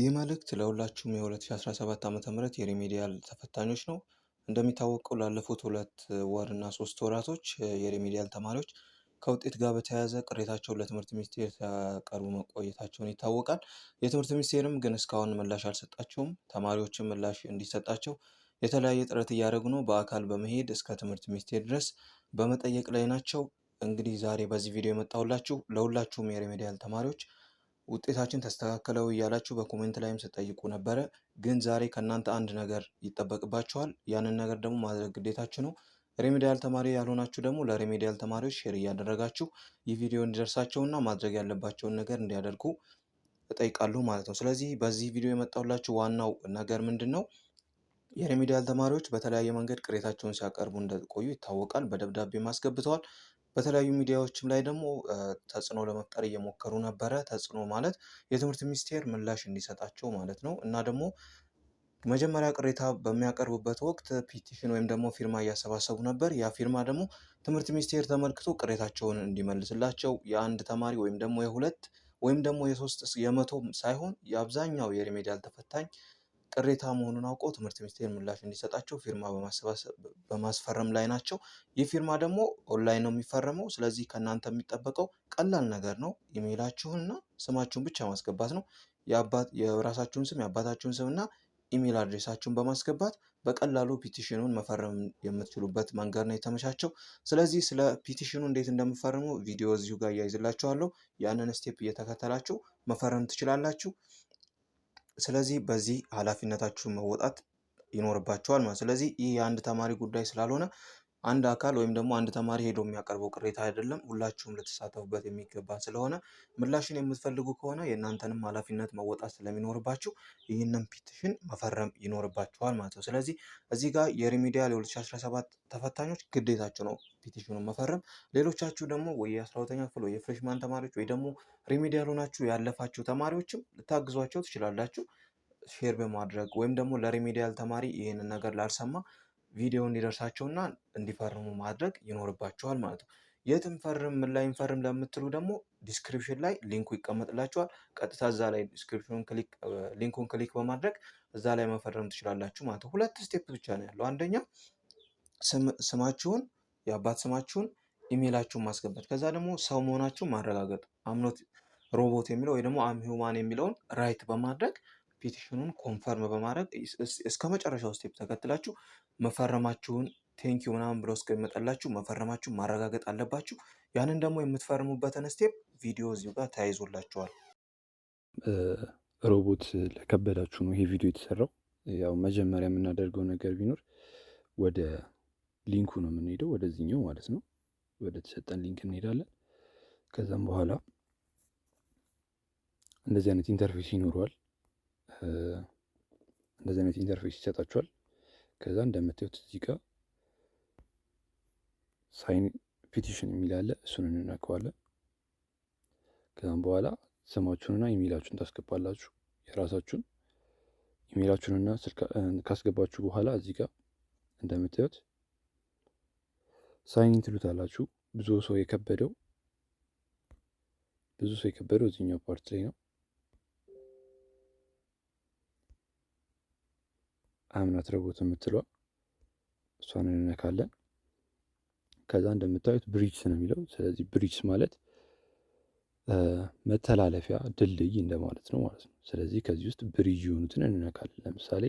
ይህ መልእክት ለሁላችሁም የ2017 ዓ ም የሪሚዲያል ተፈታኞች ነው። እንደሚታወቀው ላለፉት ሁለት ወር እና ሶስት ወራቶች የሪሜዲያል ተማሪዎች ከውጤት ጋር በተያያዘ ቅሬታቸውን ለትምህርት ሚኒስቴር ሲያቀርቡ መቆየታቸውን ይታወቃል። የትምህርት ሚኒስቴርም ግን እስካሁን ምላሽ አልሰጣቸውም። ተማሪዎችን ምላሽ እንዲሰጣቸው የተለያየ ጥረት እያደረጉ ነው። በአካል በመሄድ እስከ ትምህርት ሚኒስቴር ድረስ በመጠየቅ ላይ ናቸው። እንግዲህ ዛሬ በዚህ ቪዲዮ የመጣሁላችሁ ለሁላችሁም የሬሜዲያል ተማሪዎች ውጤታችን ተስተካከለው እያላችሁ በኮሜንት ላይም ስጠይቁ ነበረ። ግን ዛሬ ከእናንተ አንድ ነገር ይጠበቅባችኋል። ያንን ነገር ደግሞ ማድረግ ግዴታችሁ ነው። ሬሜዲያል ተማሪ ያልሆናችሁ ደግሞ ለሬሜዲያል ተማሪዎች ሼር እያደረጋችሁ ይህ ቪዲዮ እንዲደርሳቸውና ማድረግ ያለባቸውን ነገር እንዲያደርጉ እጠይቃለሁ ማለት ነው። ስለዚህ በዚህ ቪዲዮ የመጣሁላችሁ ዋናው ነገር ምንድን ነው? የሬሜዲያል ተማሪዎች በተለያየ መንገድ ቅሬታቸውን ሲያቀርቡ እንደቆዩ ይታወቃል። በደብዳቤ አስገብተዋል። በተለያዩ ሚዲያዎችም ላይ ደግሞ ተጽዕኖ ለመፍጠር እየሞከሩ ነበረ። ተጽዕኖ ማለት የትምህርት ሚኒስቴር ምላሽ እንዲሰጣቸው ማለት ነው እና ደግሞ መጀመሪያ ቅሬታ በሚያቀርቡበት ወቅት ፒቲሽን ወይም ደግሞ ፊርማ እያሰባሰቡ ነበር። ያ ፊርማ ደግሞ ትምህርት ሚኒስቴር ተመልክቶ ቅሬታቸውን እንዲመልስላቸው የአንድ ተማሪ ወይም ደግሞ የሁለት ወይም ደግሞ የሶስት የመቶ ሳይሆን የአብዛኛው የሪሜዲያል ተፈታኝ ቅሬታ መሆኑን አውቀ ትምህርት ሚኒስቴር ምላሽ እንዲሰጣቸው ፊርማ በማስፈረም ላይ ናቸው። ይህ ፊርማ ደግሞ ኦንላይን ነው የሚፈረመው። ስለዚህ ከእናንተ የሚጠበቀው ቀላል ነገር ነው። ኢሜይላችሁንና ስማችሁን ብቻ ማስገባት ነው። የራሳችሁን ስም የአባታችሁን ስም እና ኢሜይል አድሬሳችሁን በማስገባት በቀላሉ ፒቲሽኑን መፈረም የምትችሉበት መንገድ ነው የተመቻቸው። ስለዚህ ስለ ፒቲሽኑ እንዴት እንደምፈረሙ ቪዲዮ እዚሁ ጋር እያይዝላችኋለሁ። ያንን ስቴፕ እየተከተላችሁ መፈረም ትችላላችሁ። ስለዚህ በዚህ ኃላፊነታችሁ መወጣት ይኖርባቸዋል ማለት ስለዚህ ይህ የአንድ ተማሪ ጉዳይ ስላልሆነ አንድ አካል ወይም ደግሞ አንድ ተማሪ ሄዶ የሚያቀርበው ቅሬታ አይደለም። ሁላችሁም ልትሳተፉበት የሚገባ ስለሆነ ምላሽን የምትፈልጉ ከሆነ የእናንተንም ኃላፊነት መወጣት ስለሚኖርባችሁ ይህንን ፒቲሽን መፈረም ይኖርባችኋል ማለት ነው። ስለዚህ እዚህ ጋር የሪሚዲያል የ2017 ተፈታኞች ግዴታቸው ነው ፒቲሽኑ መፈረም። ሌሎቻችሁ ደግሞ ወይ የ12ኛ ክፍል ወይ የፍሬሽማን ተማሪዎች ወይ ደግሞ ሪሚዲያል ሆናችሁ ያለፋችሁ ተማሪዎችም ልታግዟቸው ትችላላችሁ ሼር በማድረግ ወይም ደግሞ ለሪሚዲያል ተማሪ ይህንን ነገር ላልሰማ ቪዲዮ እንዲደርሳቸውና እንዲፈርሙ ማድረግ ይኖርባቸዋል ማለት ነው። የትም ፈርም ምን ላይ እንፈርም ለምትሉ ደግሞ ዲስክሪፕሽን ላይ ሊንኩ ይቀመጥላችኋል። ቀጥታ እዛ ላይ ዲስክሪፕሽን ክሊክ ሊንኩን ክሊክ በማድረግ እዛ ላይ መፈረም ትችላላችሁ ማለት ነው። ሁለት ስቴፕ ብቻ ነው ያለው። አንደኛ ስማችሁን፣ የአባት ስማችሁን፣ ኢሜላችሁን ማስገባት፣ ከዛ ደግሞ ሰው መሆናችሁን ማረጋገጥ አምኖት ሮቦት የሚለው ወይ ደግሞ አም ሂውማን የሚለውን ራይት በማድረግ ፔቲሽኑን ኮንፈርም በማድረግ እስከ መጨረሻው ስቴፕ ተከትላችሁ መፈረማችሁን ቴንኪው ምናምን ብሎ እስከሚመጣላችሁ መፈረማችሁን ማረጋገጥ አለባችሁ። ያንን ደግሞ የምትፈርሙበትን ስቴፕ ቪዲዮ እዚሁ ጋር ተያይዞላችኋል። ሮቦት ለከበዳችሁ ነው ይሄ ቪዲዮ የተሰራው። ያው መጀመሪያ የምናደርገው ነገር ቢኖር ወደ ሊንኩ ነው የምንሄደው፣ ወደዚህኛው ማለት ነው። ወደ ተሰጠን ሊንክ እንሄዳለን። ከዛም በኋላ እንደዚህ አይነት ኢንተርፌስ ይኖረዋል። እንደዚህ አይነት ኢንተርፌስ ይሰጣችኋል። ከዛ እንደምታዩት እዚህ ጋር ሳይን ፒቲሽን የሚል አለ። እሱን እንነካዋለን። ከዛም በኋላ ስማችሁንና ኢሜይላችሁን ታስገባላችሁ። የራሳችሁን ኢሜይላችሁንና ካስገባችሁ በኋላ እዚህ ጋር እንደምታዩት ሳይን ኢን ትሉታላችሁ። ብዙ ሰው የከበደው ብዙ ሰው የከበደው እዚህኛው ፓርት ላይ ነው። አምናት ረቦት የምትለዋ እሷን እንነካለን። ከዛ እንደምታዩት ብሪጅስ ነው የሚለው። ስለዚህ ብሪጅስ ማለት መተላለፊያ ድልድይ እንደማለት ነው ማለት ነው። ስለዚህ ከዚህ ውስጥ ብሪጅ የሆኑትን እንነካለን። ለምሳሌ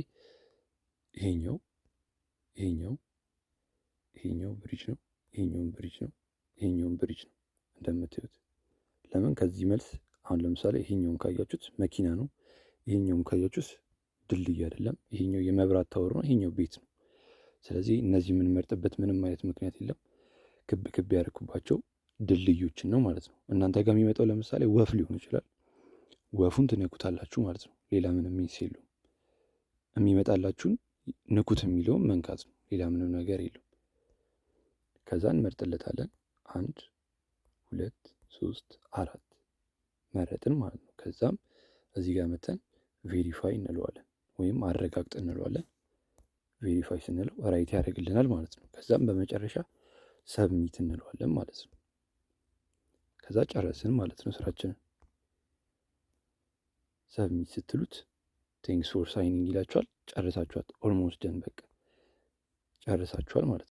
ይሄኛው ይሄኛው ይሄኛው ብሪጅ ነው። ይሄኛውን ብሪጅ ነው። ይሄኛውን ብሪጅ ነው እንደምታዩት። ለምን ከዚህ መልስ አሁን ለምሳሌ ይሄኛውን ካያችሁት መኪና ነው። ይሄኛውን ካያችሁት ድልድይ አይደለም። ይሄኛው የመብራት ታወር ነው፣ ይሄኛው ቤት ነው። ስለዚህ እነዚህ የምንመርጥበት ምንም አይነት ምክንያት የለም። ክብ ክብ ያደርኩባቸው ድልድዮችን ነው ማለት ነው። እናንተ ጋር የሚመጣው ለምሳሌ ወፍ ሊሆን ይችላል። ወፉን ትነኩታላችሁ ማለት ነው። ሌላ ምንም ሚንስ የለውም። የሚመጣላችሁን ንኩት የሚለውን መንካት ነው። ሌላ ምንም ነገር የለውም። ከዛ እንመርጥለታለን። አንድ ሁለት ሶስት አራት መረጥን ማለት ነው። ከዛም እዚህ ጋር መተን ቬሪፋይ እንለዋለን። አረጋግጥ እንለዋለን። ቬሪፋይ ስንለው ራይት ያደርግልናል ማለት ነው። ከዛም በመጨረሻ ሰብሚት እንለዋለን ማለት ነው። ከዛ ጨረስን ማለት ነው ስራችንን። ሰብሚት ስትሉት ቴንክስ ፎር ሳይኒንግ ይላችኋል። ጨርሳችኋል። ኦልሞስት ደን በቃ ጨርሳችኋል ማለት ነው።